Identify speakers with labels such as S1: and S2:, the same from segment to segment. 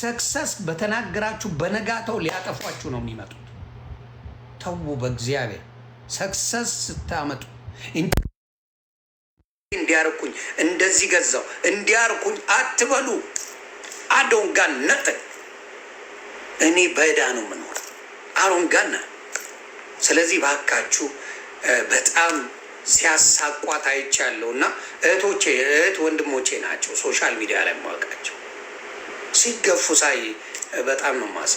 S1: ሰክሰስ በተናገራችሁ በነጋተው ሊያጠፏችሁ ነው የሚመጡት። ተዉ፣ በእግዚአብሔር ሰክሰስ ስታመጡ እንዲያርኩኝ እንደዚህ ገዛው እንዲያርኩኝ አትበሉ። አዶን ጋር እኔ በዕዳ ነው የምኖር አሮን ስለዚህ ባካችሁ በጣም ሲያሳቋት አይቻለሁ እና እህቶቼ እህት ወንድሞቼ ናቸው ሶሻል ሚዲያ ላይ ማወቃቸው ሲገፉ ሳይ በጣም ነው ማስ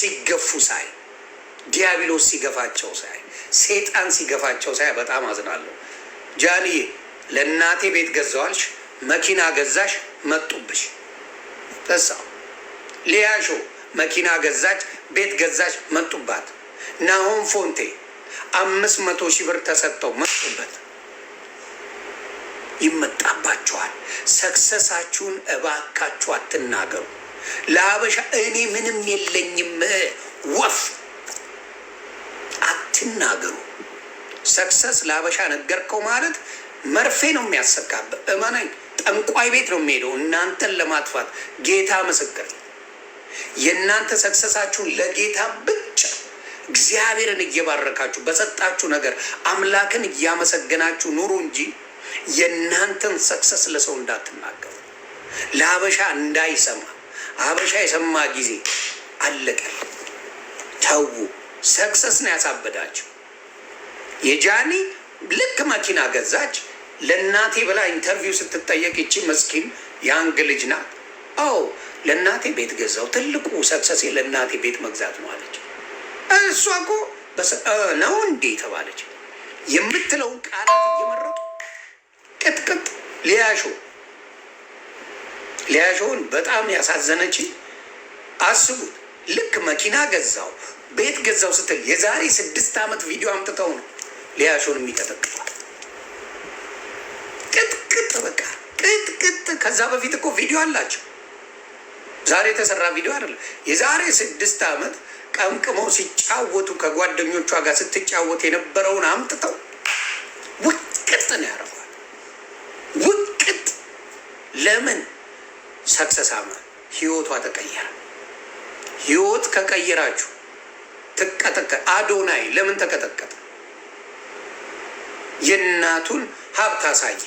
S1: ሲገፉ ሳይ ዲያብሎስ ሲገፋቸው ሳይ ሴጣን ሲገፋቸው ሳይ በጣም አዝናለሁ። ጃኒ ለእናቴ ቤት ገዛዋልሽ፣ መኪና ገዛሽ፣ መጡብሽ። ተሳ ሊያሾ መኪና ገዛች፣ ቤት ገዛች፣ መጡባት። ናሆም ፎንቴ አምስት መቶ ሺህ ብር ተሰጥተው መጡበት። ይመጣባችኋል። ሰክሰሳችሁን እባካችሁ አትናገሩ። ለሀበሻ እኔ ምንም የለኝም ወፍ አትናገሩ። ሰክሰስ ለሀበሻ ነገርከው ማለት መርፌ ነው የሚያሰካበት። እመናኝ፣ ጠንቋይ ቤት ነው የሚሄደው እናንተን ለማጥፋት። ጌታ ምስክር፣ የእናንተ ሰክሰሳችሁን ለጌታ ብቻ እግዚአብሔርን እየባረካችሁ በሰጣችሁ ነገር አምላክን እያመሰገናችሁ ኑሩ እንጂ የእናንተን ሰክሰስ ለሰው እንዳትናገሩ፣ ለሀበሻ እንዳይሰማ። ሀበሻ የሰማ ጊዜ አለቀ። ተዉ። ሰክሰስ ነው ያሳበዳቸው። የጃኒ ልክ መኪና ገዛች ለእናቴ ብላ ኢንተርቪው ስትጠየቅ ይቺ መስኪን የአንግ ልጅ ናት። አዎ ለእናቴ ቤት ገዛው፣ ትልቁ ሰክሰሴ ለእናቴ ቤት መግዛት ነው አለች። እሷ እኮ ነው እንዴ ተባለች። የምትለውን ቃላት እየመረጡ ሊያሾ ሊያሾውን በጣም ያሳዘነች አስቡት። ልክ መኪና ገዛው ቤት ገዛው ስትል የዛሬ ስድስት ዓመት ቪዲዮ አምጥተው ነው ሊያሾን የሚቀጠቅጧል። ቅጥቅጥ በቃ ቅጥቅጥ። ከዛ በፊት እኮ ቪዲዮ አላቸው። ዛሬ የተሰራ ቪዲዮ አይደለም። የዛሬ ስድስት ዓመት ቀምቅመው ሲጫወቱ ከጓደኞቿ ጋር ስትጫወት የነበረውን አምጥተው ለምን ሰክሰሳማ ህይወቷ ተቀየረ። ህይወት ከቀየራችሁ ትቀጠቀ አዶናይ ለምን ተቀጠቀጠ? የእናቱን ሀብት አሳየ።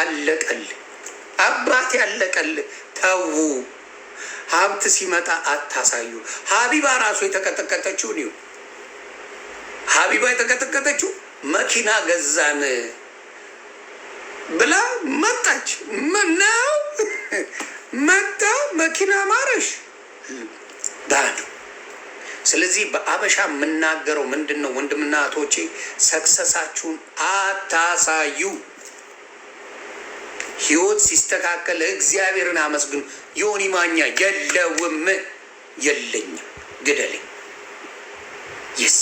S1: አለቀል አባት ያለቀል። ተዉ ሀብት ሲመጣ አታሳዩ። ሀቢባ ራሱ የተቀጠቀጠችው ኒው ሀቢባ የተቀጠቀጠችው መኪና ገዛን ብላ መጣች። ነው መጣ መኪና ማረሽ ባዱ። ስለዚህ በአበሻ የምናገረው ምንድን ነው? ወንድምና እህቶቼ ሰክሰሳችሁን አታሳዩ። ህይወት ሲስተካከል እግዚአብሔርን አመስግኑ። ዮኒ ማኛ የለውም የለኝም ግደልኝ የስ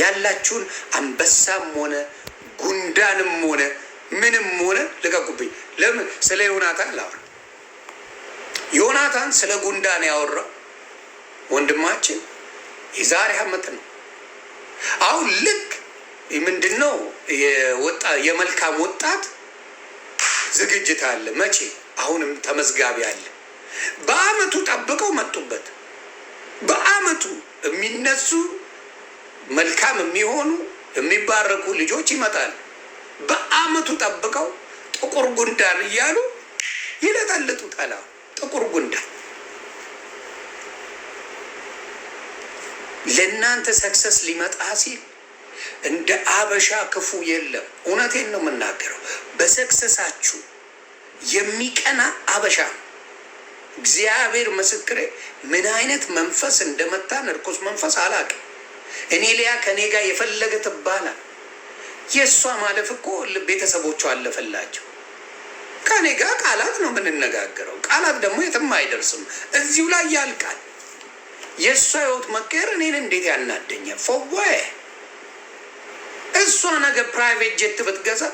S1: ያላችሁን አንበሳም ሆነ ጉንዳንም ሆነ ምንም ሆነ ልቀቁብኝ። ለምን ስለ ዮናታን ላወራ? ዮናታን ስለ ጉንዳን ያወራው ወንድማችን የዛሬ አመት ነው። አሁን ልክ ምንድን ነው የመልካም ወጣት ዝግጅት አለ። መቼ? አሁንም ተመዝጋቢ አለ። በአመቱ ጠብቀው መጡበት። በአመቱ የሚነሱ መልካም የሚሆኑ የሚባረኩ ልጆች ይመጣሉ። በአመቱ ጠብቀው ጥቁር ጉንዳን እያሉ ጠላ ጥቁር ጉንዳን ለእናንተ ሰክሰስ ሊመጣ ሲል እንደ አበሻ ክፉ የለም። እውነቴን ነው የምናገረው። በሰክሰሳችሁ የሚቀና አበሻ ነው። እግዚአብሔር ምስክሬ፣ ምን አይነት መንፈስ እንደመታን እርኩስ መንፈስ አላውቅም። እኔ ሊያ ከኔ ጋር የፈለገ ትባላል የእሷ ማለፍ እኮ ቤተሰቦቿ አለፈላቸው። ከኔ ጋር ቃላት ነው የምንነጋገረው። ቃላት ደግሞ የትም አይደርስም፣ እዚሁ ላይ ያልቃል። የእሷ ህይወት መቀየር እኔን እንዴት ያናደኘ ፎወ እሷ ነገ ፕራይቬት ጀት ብትገዛ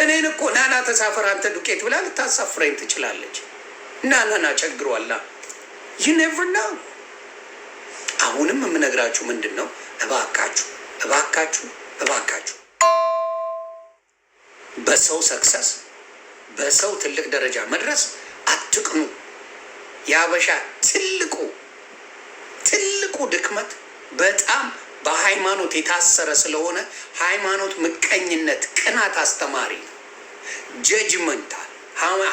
S1: እኔን እኮ ናና ተሳፈር አንተ ዱቄት ብላ ልታሳፍረኝ ትችላለች። ናናና ቸግሯላ ይነፍርና አሁንም የምነግራችሁ ምንድን ነው፣ እባካችሁ እባካችሁ እባካችሁ በሰው ሰክሰስ፣ በሰው ትልቅ ደረጃ መድረስ አትቅኑ። የአበሻ ትልቁ ትልቁ ድክመት በጣም በሃይማኖት የታሰረ ስለሆነ ሃይማኖት ምቀኝነት፣ ቅናት አስተማሪ ነው። ጀጅመንታል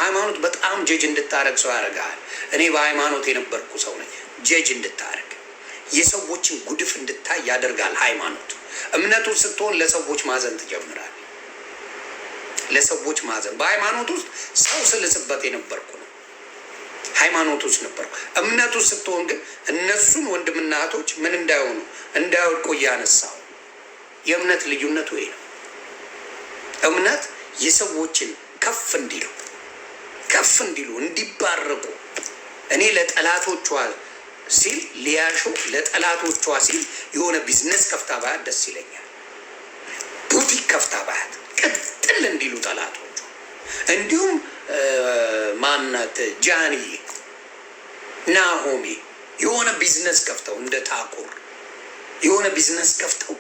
S1: ሃይማኖት በጣም ጀጅ እንድታደረግ ሰው ያደርግሃል። እኔ በሃይማኖት የነበርኩ ሰው ነኝ። ጀጅ እንድታደረግ የሰዎችን ጉድፍ እንድታይ ያደርጋል ሃይማኖት። እምነቱ ስትሆን ለሰዎች ማዘን ትጀምራል። ለሰዎች ማዘን በሃይማኖት ውስጥ ሰው ስልስበት የነበርኩ ነው። ሃይማኖት ውስጥ ነበርኩ። እምነቱ ስትሆን ግን እነሱን ወንድምና እህቶች ምን እንዳይሆኑ እንዳይወድቁ እያነሳው የእምነት ልዩነት ወይ ነው። እምነት የሰዎችን ከፍ እንዲሉ ከፍ እንዲሉ እንዲባረቁ እኔ ለጠላቶቿ ሲል ሊያሾ ለጠላቶቿ ሲል የሆነ ቢዝነስ ከፍታ ባያት ደስ ይለኛል። ቡቲክ ከፍታ ባያት ቅጥል እንዲሉ ጠላቶቹ። እንዲሁም ማናት ጃኒ ናሆሜ የሆነ ቢዝነስ ከፍተው እንደ ታኩር የሆነ ቢዝነስ ከፍተው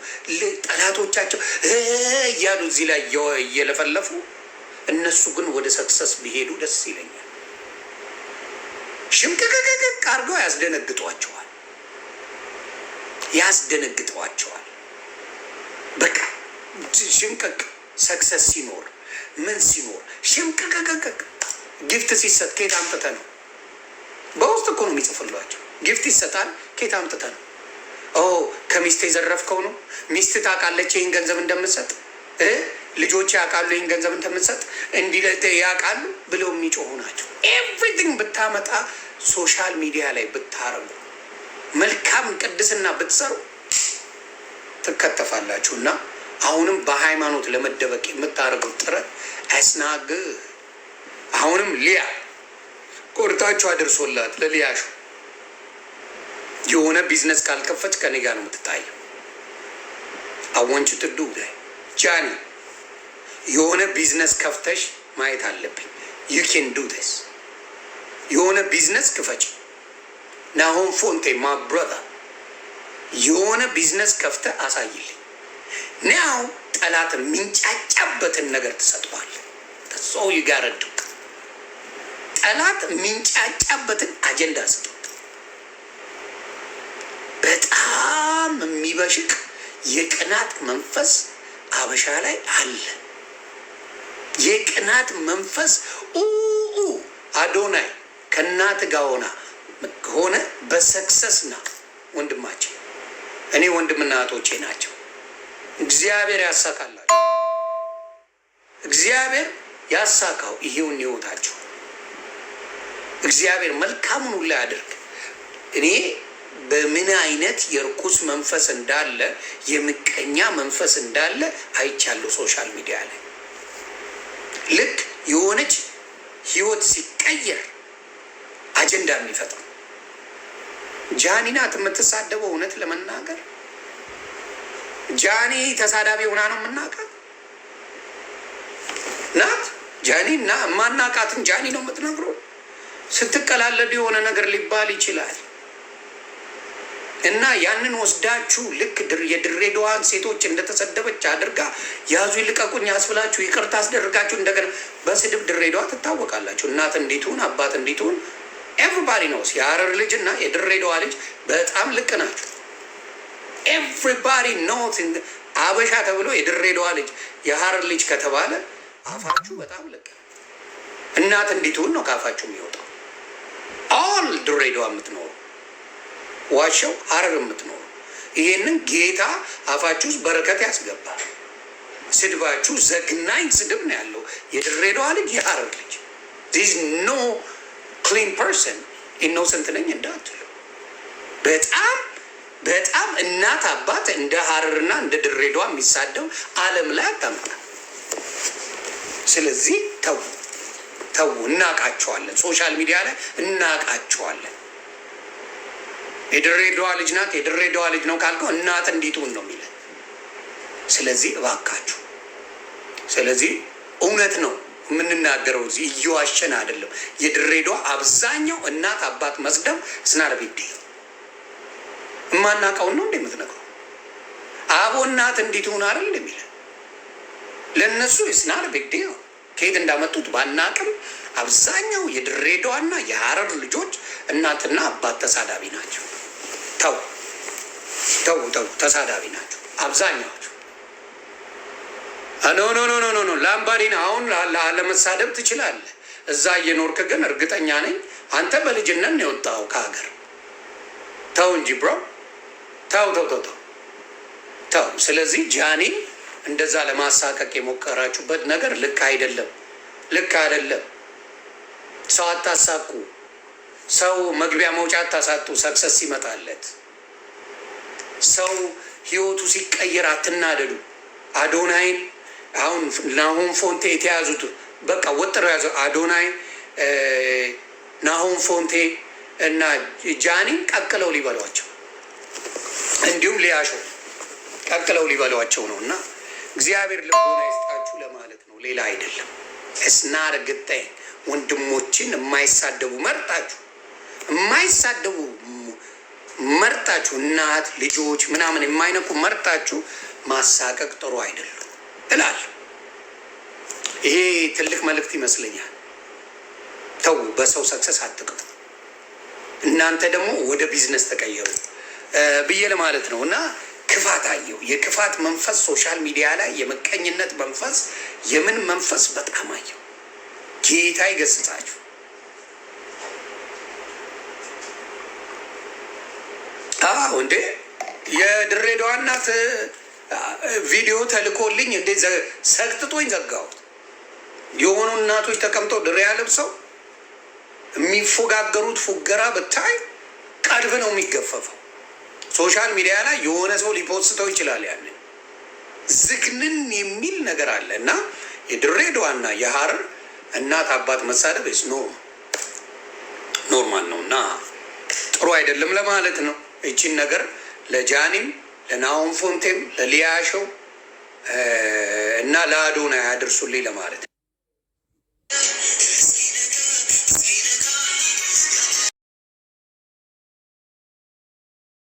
S1: ጠላቶቻቸው እያሉ እዚህ ላይ እየለፈለፉ እነሱ ግን ወደ ሰክሰስ ቢሄዱ ደስ ይለኛል። ሽምቅቅቅቅቅ አድርገው ያስደነግጧቸዋል፣ ያስደነግጠዋቸዋል። በቃ ሽምቅቅ ሰክሰስ ሲኖር ምን ሲኖር ሽምቅቅቅቅ ጊፍት ሲሰጥ ኬት አምጥተ ነው? በውስጥ እኮ ነው የሚጽፍሏቸው። ጊፍት ይሰጣል፣ ኬት አምጥተ ነው? ኦ ከሚስት የዘረፍከው ነው። ሚስት ታውቃለች ይህን ገንዘብ እንደምትሰጥ፣ ልጆች ያውቃሉ ይህን ገንዘብ እንደምትሰጥ፣ እንዲህ ያውቃሉ ብለው የሚጮሁ ናቸው። ኤቭሪቲንግ ብታመጣ ሶሻል ሚዲያ ላይ ብታረጉ መልካም ቅድስና ብትሰሩ ትከተፋላችሁ እና አሁንም በሃይማኖት ለመደበቅ የምታደርገው ጥረት አስናግ አሁንም ሊያ ቆርጣችሁ አድርሶላት ለሊያሹ የሆነ ቢዝነስ ካልከፈች ከኔ ጋር ነው የምትታየው። አወንጭ ጥዱ ጃኒ የሆነ ቢዝነስ ከፍተሽ ማየት አለብኝ። ዩ ኬን ዱ ስ የሆነ ቢዝነስ ክፈች። ናሆን ፎንቴ ማ ብሮታ የሆነ ቢዝነስ ከፍተ አሳይልኝ። ኒያው ጠላት የሚንጫጫበትን ነገር ትሰጠዋል። ሰው ይጋረድ ጠላት የሚንጫጫበትን አጀንዳ ስጡት። በጣም የሚበሽቅ የቅናት መንፈስ አበሻ ላይ አለ። የቅናት መንፈስ ኡኡ አዶናይ ከእናት ጋር ሆና ሆነ በሰክሰስ ና ወንድማችን እኔ ወንድምና እህቶቼ ናቸው። እግዚአብሔር ያሳካላችሁ። እግዚአብሔር ያሳካው ይሄውን ህይወታችሁ እግዚአብሔር መልካሙን ሁሉ ያድርግ። እኔ በምን አይነት የርኩስ መንፈስ እንዳለ የምቀኛ መንፈስ እንዳለ አይቻለሁ። ሶሻል ሚዲያ ላይ ልክ የሆነች ህይወት ሲቀየር አጀንዳ የሚፈጥሩ ጃኒ የምትሳደበው እውነት ለመናገር ጃኒ ተሳዳቢ ሆና ነው የምናውቃት ናት። ጃኒ እና የማናውቃትን ጃኒ ነው የምትነግረው። ስትቀላለዱ የሆነ ነገር ሊባል ይችላል እና ያንን ወስዳችሁ ልክ የድሬዳዋን ሴቶች እንደተሰደበች አድርጋ ያዙ ይልቀቁኝ ያስብላችሁ ይቅርታ አስደርጋችሁ እንደገና በስድብ ድሬዳዋ ትታወቃላችሁ። እናት እንዲትሁን አባት እንዲትሁን ኤቨሪባዲ ነው የሀረር ልጅ እና የድሬዳዋ ልጅ በጣም ልቅ ናቸው። ኤቭሪባዲ ኖት አበሻ ተብሎ የድሬዳዋ ልጅ የሀረር ልጅ ከተባለ አፋችሁ በጣም ልቅ እናት እንዲትውን ነው ከአፋችሁ የሚወጣው። ኦል ድሬዳዋ የምትኖሩ ዋሸው ሀረር የምትኖሩ ይህንን ጌታ አፋችሁ ውስጥ በረከት ያስገባል። ስድባችሁ ዘግናኝ ስድብ ነው ያለው። የድሬዳዋ ልጅ የሀረር ልጅ ዚዝ ኖ ክሊን ፐርሰን ኢኖሰንት ነኝ እንዳትሉ በጣም በጣም እናት አባት እንደ ሀረርና እንደ ድሬዳዋ የሚሳደው ዓለም ላይ አታምጣም። ስለዚህ ተው ተው፣ እናቃቸዋለን። ሶሻል ሚዲያ ላይ እናቃቸዋለን። የድሬዳዋ ልጅ ናት፣ የድሬዳዋ ልጅ ነው ካልከው እናት እንዲትሁን ነው የሚለን። ስለዚህ እባካችሁ ስለዚህ እውነት ነው የምንናገረው፣ እዚህ እየዋሸን አይደለም። የድሬዳዋ አብዛኛው እናት አባት መስደብ ስናርቢዴ የማናውቀውን ነው እንዴ የምትነግረው አቦ እናት እንዲት ሆን አይደል እንደሚለ ለእነሱ ስናር ቤግዴ ከየት እንዳመጡት ባናቅም አብዛኛው የድሬዳዋና የሀረር ልጆች እናትና አባት ተሳዳቢ ናቸው። ተው ተው ተው፣ ተሳዳቢ ናቸው አብዛኛዎቹ። ኖ ኖ ኖ ኖ ኖ ላምባዲና፣ አሁን ለመሳደብ ትችላለህ። እዛ እየኖርክ ግን እርግጠኛ ነኝ አንተ በልጅነት ነው የወጣው ከሀገር። ተው እንጂ ብሮ ተው ተው ተው ተው። ስለዚህ ጃኒ እንደዛ ለማሳቀቅ የሞከራችሁበት ነገር ልክ አይደለም፣ ልክ አይደለም። ሰው አታሳቁ። ሰው መግቢያ መውጫ አታሳጡ። ሰክሰስ ይመጣለት። ሰው ህይወቱ ሲቀየር አትናደዱ። አዶናይን አሁን ናሆም ፎንቴ የተያዙት በቃ ወጥረው ያዘ። አዶናይ ናሆም ፎንቴ እና ጃኒን ቀቅለው ሊበሏቸው እንዲሁም ሊያሾ ቀቅለው ሊበሏቸው ነው እና እግዚአብሔር ልቦና ይስጣችሁ ለማለት ነው፣ ሌላ አይደለም። እስና ርግጠኝ ወንድሞችን የማይሳደቡ መርጣችሁ የማይሳደቡ መርጣችሁ እናት ልጆች ምናምን የማይነቁ መርጣችሁ ማሳቀቅ ጥሩ አይደለም እላለሁ። ይሄ ትልቅ መልእክት ይመስለኛል። ተው፣ በሰው ሰክሰስ አትቅጡ። እናንተ ደግሞ ወደ ቢዝነስ ተቀየሩ። ብዬ ለማለት ነው እና ክፋት አየው። የክፋት መንፈስ ሶሻል ሚዲያ ላይ የምቀኝነት መንፈስ የምን መንፈስ በጣም አየው። ጌታ ይገስጻችሁ። አዎ እንዴ የድሬዳዋ እናት ቪዲዮ ተልኮልኝ እንዴ ሰቅጥጦኝ ዘጋሁት። የሆኑ እናቶች ተቀምጠው ድሬያ ለብሰው የሚፎጋገሩት ፉገራ ብታይ ቀድብ ነው የሚገፈፈው። ሶሻል ሚዲያ ላይ የሆነ ሰው ሊፖስተው ይችላል። ያንን ዝግንን የሚል ነገር አለ እና የድሬዳዋና የሀረር እናት አባት መሳደብ ስ ኖ ኖርማል ነው እና ጥሩ አይደለም ለማለት ነው። እቺን ነገር ለጃኒም ለናሆም ፎንቴም ለሊያሸው እና ለአዶና ያደርሱልኝ ለማለት